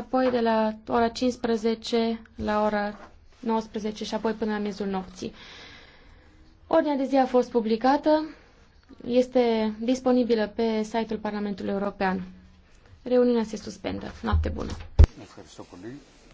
apoi de la ora 15 la ora 19 și apoi până la miezul nopții. Ordinea de zi a fost publicată, este disponibilă pe site-ul Parlamentului European. Reuniunea se suspendă. Noapte bună!